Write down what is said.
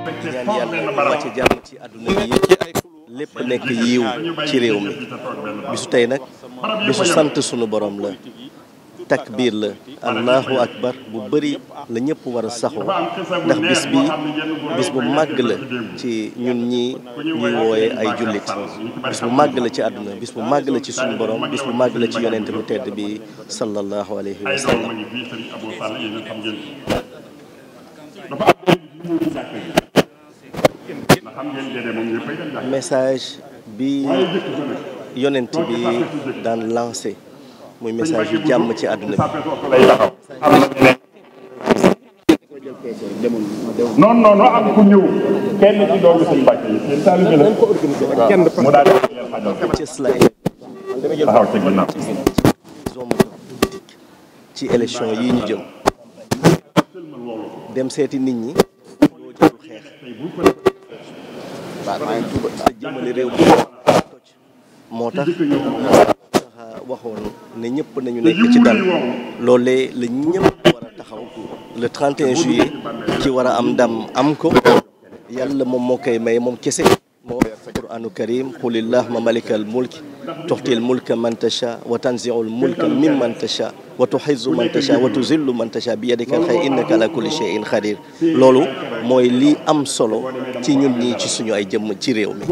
ñaan yàlla ci àdduna bi yëpp lépp nekk yiw ci réew mi bisu tey nag bisu sant sunu boroom la takbiir la allahu akbar bu bari la ñëpp war a saxoo ndax bis bi bis bu màgg la ci ñun ñi ñuy wooye ay jullit bis bu màgg la ci àdduna bis bu màgg la ci suñu borom bis bu màgg la ci yonent bu tedd bi sallallahu alayhi wa message bi yonent bi daan lancé muy message yu jàmm ci àdduna bi. ci doomu suñu mbàkk yi seen taalibe ñu jëm dem seeti nit ñi loo jarul xeex maa ngi tuuba jëmale réew mi moo tax waxoon ne ñëpp nañu nekk ci dal loolee la ñëpp war a taxaw le 31 juillet ki war a am ndam am ko yàlla moom moo koy may moom kese moo quranu karim qulillahuma malikal mulki tuxtil mulka man tasha wa tanziul mulka mimman tasha wa tuxizu man tasha wa tuzillu man tasha bi yadika alxayr innaka ala kulli cheyin xadir loolu mooy lii am solo ci ñun ñii ci suñu ay jëmm ci réew mi